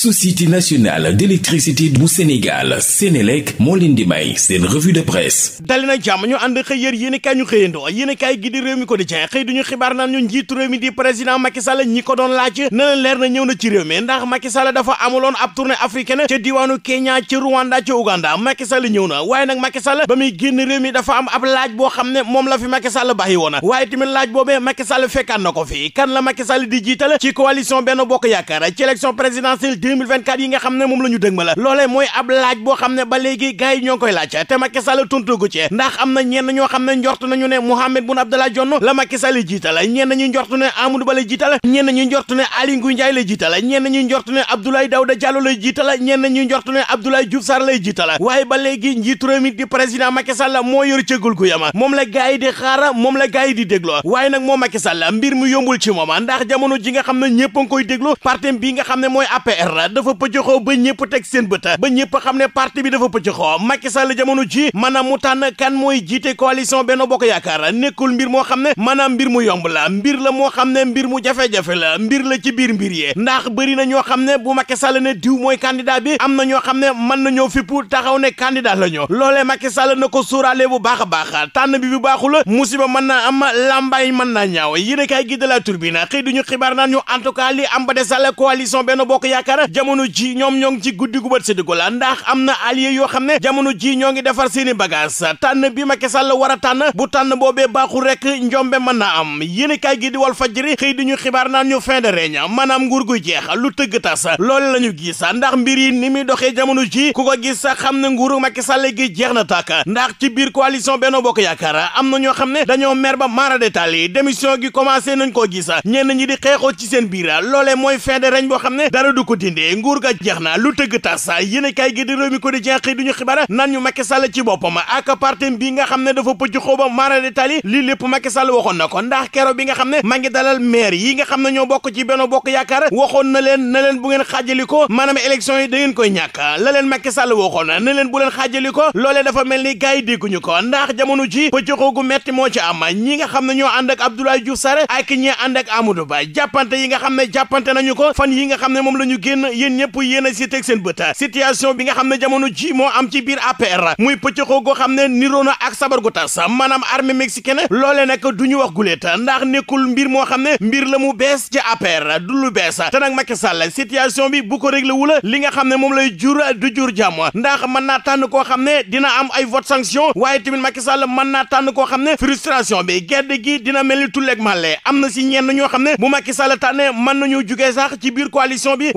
société nationale d'électricité bu Sénégal Sénélec moo leen di may de presse dali na ñu ànd xëy yér yéenekaay ñu xëyandoo yéenekaay gi di réew mi ko di cee xëy duñu xibaar naan ñu njiitu réew mi di président Macky ñi ko doon laaj na leer na ñëw na ci réew mi ndax Macky Sall dafa amuloon ab tournée africaine ca diwaanu Kenya ci Rwanda ci Uganda Macky Sall na waaye nag Macky Sall ba muy génn réew mi dafa am ab laaj boo xam ne 2024 yi nga xam ne moom la ñu dëg ma la loolee mooy ab laaj boo xam ne ba léegi gars yi ñoo ngi koy laaj te Macky Sall tontugu ci ndax am na ñenn ñoo xam ne njort nañu ne Mohamed Boun Abdallah Dionne la Macky Sall jiital ñenn ñu njort ne Amadou Ba la jiital ñenn ñu njort ne Aly Ngouille Ndiaye la jiital ñenn ñu njort ne Abdoulaye Daouda Diallo lay jiital ñenn ñu njort ne Abdoulaye Diouf Sarr lay jiital waaye ba léegi njiitu réew mi di président Macky Sall moo yor cëggul gu yama moom la gars yi di xaara moom la gars yi di dégloo waaye nag moo Macky Sall mbir mu yombul ci moom ndax jamono ji nga xam ne ñëpp a ngi koy déglu parti bi nga xam ne mooy APR Sall dafa pëccëxoo ba ñëpp teg seen bët ba ñëpp xam ne parti bi dafa pëccëxoo Macky Sall jamono ji maanaam mu tànn kan mooy jiite coalition Benno Bokk Yaakaar nekkul mbir moo xam ne maanaam mbir mu yomb la mbir la moo xam ne mbir mu jafe-jafe la mbir la ci biir mbir yi ndax bëri na ñoo xam ne bu Macky Sall ne diw mooy candidat bi am na ñoo xam ne mën nañoo fippu taxaw ne candidat la ñu loolee Macky Sall na ko sóoraale bu baax a baax tànn bi bu baaxul musiba mën naa am làmbaay mën naa ñaaw yéen a kaay gi de la turbine xëy duñu xibaar naan ñu en Bokk Yaakaar jamono ji ñoom ñoo ngi ci guddi gu bët séddu ko la ndax am na allié yoo xam ne jamono ji ñoo ngi defar seeni bagage tànn bi Macky Sall war a tànn bu tànn boobee baaxul rek njombe mën naa am yéen kaay gi di Walf Fadjri xëy di ñu xibaar naan ñu fin de règne maanaam nguur gu jeex lu tëgg tas loole la ñu gis ndax mbir yi ni muy doxee jamono ji ku ko gis sax xam ne nguuru Macky Sall gi jeex na tàkk ndax ci biir coalition Benno Bokk Yaakaar am na ñoo xam ne dañoo mer ba mara détail yi gi commencé nañ koo gis ñenn ñi di xeexoo ci seen biir loolee mooy fin de règne xam ne dara du ko dindi de nguur ga jeex na lu tëgg tas yéene kaay gi di ko di jeex du ñu xibaar naan ñu Macky ci boppam ak parti bi nga xam ne dafa pëcc xooba maara de tali lii lépp Macky Sall waxoon na ko ndax kero bi nga xam ne maa ngi dalal nga xam ne ñoo bokk ci Benno Bokk Yaakaar waxoon na leen na leen bu ngeen xaajali ko maanaam élection yi da ngeen koy ñàkk la leen Macky Sall waxoon na leen bu leen xaajali ko loolee dafa mel ni gars yi dégguñu ko ndax xam ne ñoo ànd ak Abdoulaye Diouf Sarr ak ñi ànd ak ko fan yi nga xam ne moom la ñu yéen ñëpp yéen a si teg seen bët bi nga xam ne jamono ji moo am ci biir APR muy pëccëxoo goo xam ne niroo na ak sabar gu tas maanaam armée mexicaine loolee nag du ñu wax guleet ndax nekkul mbir moo xam ne mbir la mu bees ci APR du lu bees te nag Macky Sall situation bi bu ko réglé wula li nga xam ne moom lay jur du jur jàmm ndax mën naa tànn koo xam ne dina am ay vote sanction waaye timin Macky Sall mën naa tànn koo xam ne frustration bi gedd gi dina mel ni tulleeg am na si ñenn ñoo xam ne bu Macky Sall tànne mën nañu jugee sax ci biir coalition bi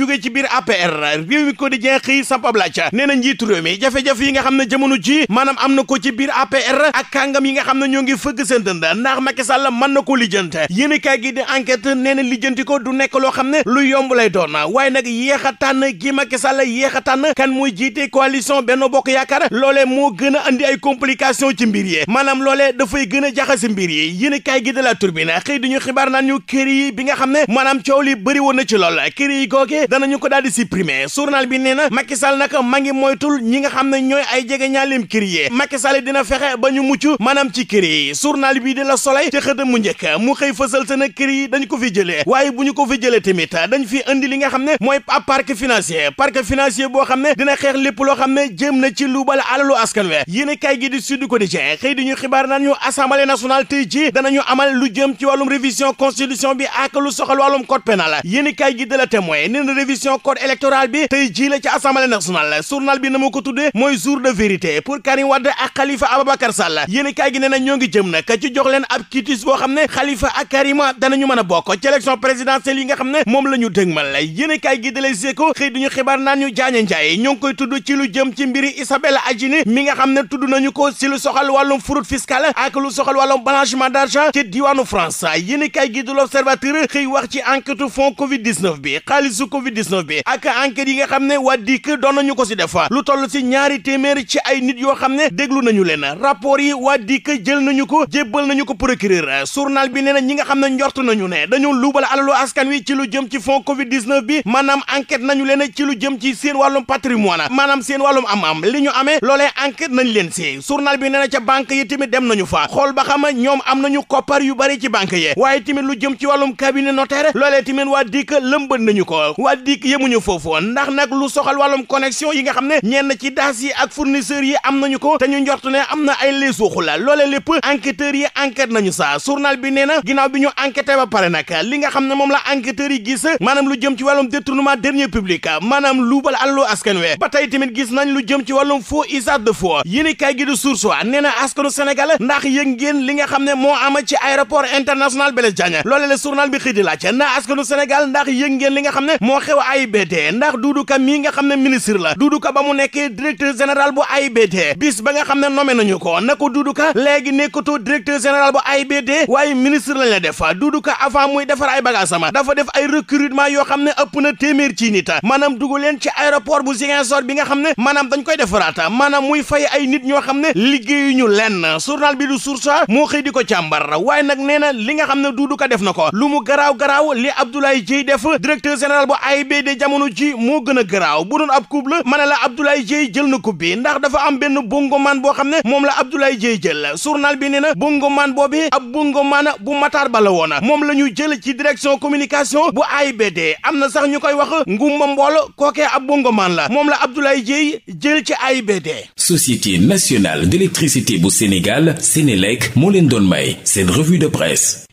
jóge ci biir APR réew mi quotidien xëy sampab laaj nee na njiitu réew jafe-jafe yi nga xam ne jamono jii maanaam am na ko ci biir APR ak kàngam yi nga xam ne ñoo ngi fëgg seen dënd ndax Macky Sall mën na ko lijjante yéen kaay gi di enquête nee na lijjanti ko du nekk loo xam ne lu yomb lay doon waaye nag yéex a tànn gi Macky Sall yéex a tànn kan muy jiite coalition Benno Bokk Yaakaar loolee moo gën a andi ay complication ci mbir yi maanaam loolee dafay gën a jaxase mbir yi yéen gi de la turbine xëy duñu xibaar naan ñu kër yi bi nga xam ne maanaam coow li bëri woon na ci lool kër yi googe yooyee danañu ko daal di supprimer journal bi nee na Macky Sall nag ma ngi moytul ñi nga xam ne ñooy ay jege ñaaleem kër yi Macky Sall dina fexe ba ñu mucc maanaam ci kër yi journal bi di la Soleil ci xëtam mu njëkk mu xëy fësal te na kër yi dañ ko fi jëlee waaye bu ñu ko fi jëlee tamit dañ fi indi li nga xam ne mooy ab parc financier parc financier boo xam ne dina xeex lépp loo xam ne jëm na ci lu bala alalu askan we yéen kay gi di Sud Quotidien xëy di ñu xibaar na ñu assemblée nationale tey ji danañu amal lu jëm ci wàllum révision constitution bi ak lu soxal wàllum code pénal yéen kay gi de la témoin benn révision code électoral bi tey jii la ci assemblée nationale journal bi na ma ko mooy jour de vérité pour Karim Wade ak Khalifa Ababacar Sall yéen kaay gi nee ñoo ngi jëm nag ci jox ab kiitis boo xam ne Khalifa ak Karima danañu mën a bokk ci élection présidentielle yi nga xam ne moom la ñu dëgmal yéen kaay gi de Les Échos xëy duñu xibaar naan ñu jaaña njaay ñoo koy tudd ci lu jëm ci mbiri Isabella Adjini mi nga xam ne tudd nañu ko si lu soxal wàllum fraude fiscale ak lu soxal wàllum blanchiment d'argent ci diwaanu France yéen kaay gi de L'Observateur xëy wax ci enquête covid 19 bi ak enquête yi nga xam ne waa dikk doon nañu ko si def lu toll si ñaari téeméer ko jébbal ko procureur journal bi nee na ñi xam ne njort nañu ne dañoo luubal alalu askan wi ci lu jëm ci fond covid 19 bi maanaam enquête nañu leen ci lu jëm ci seen wàllum patrimoine maanaam seen wàllum am-am li ñu amee loolee na nañ leen si journal bi nee ca banque yi tamit dem nañu fa xool ba xam ñoom am nañu koppar yu bari ci banque yi waaye tamit lu jëm ci wàllum cabinet notaire loolee tamit waa dikk lëmbën nañu ko waa dikk yemuñu foofu ndax nag lu soxal wàllum connexion yi nga xam ne ñenn ci daas yi ak fournisseurs yi am nañu ko te ñu njort ne am na ay leesuuxu la loolee lépp enquêteurs yi enquête nañu sa journal bi nee na ginnaaw bi ñu enquêté ba pare nag li nga xam ne moom la enquêteurs yi gis maanaam lu jëm ci wàllum détournement dernier public maanaam luubal àllu askan we ba tey tamit gis nañ lu jëm ci wàllum faux usage de faux yéen kay gi di source nee na askanu Sénégal ndax yëg ngeen li nga xam ne moo ama ci aéroport international Blaise Diagne loolee la journal bi xëy di laaj na askanu Sénégal ndax yëg ngeen li xam ne moo xew ay AIBD ndax Doudou Ka mii nga xam ne ministre la duudu Ka ba mu nekkee directeur général bu AIBD bis ba nga xam ne nommé nañu ko na ko Doudou Ka léegi nekkatoo directeur général ay AIBD waaye ministre lañ la def Doudou Ka avant muy defar ay bagage sama dafa def ay recrutement yoo xam ne ëpp na téeméer ci nit maanaam dugg leen ci aéroport bu Ziguinchor bi nga xam ne maanaam dañ koy defaraata maanaam muy fay ay nit ñoo xam ne liggéeyuñu lenn journal bi du Source A moo xëy di ko càmbar waaye nag nee na li nga xam ne Doudou Ka def na ko lu mu garaaw garaaw li Abdoulaye Dièye def directeur général bu AIBD jamono ji moo gën a garaaw bu doon ab coupe la ma ne la Abdoulaye Dieye jël na coupe bi ndax dafa am benn bongoman boo xam ne moom la Abdoulaye Dieye jël la journal bi nee na bongoman boobi ab bongoman bu mataar Ba la woon moom la ñu jël ci direction communication bu AIBD am na sax ñu koy wax ngumba mbool kookee ab bongoman la moom la Abdoulaye Dieye jël ci AIBD Société nationale d'électricité bu Sénégal Sénélec moo leen doon may seen revue de presse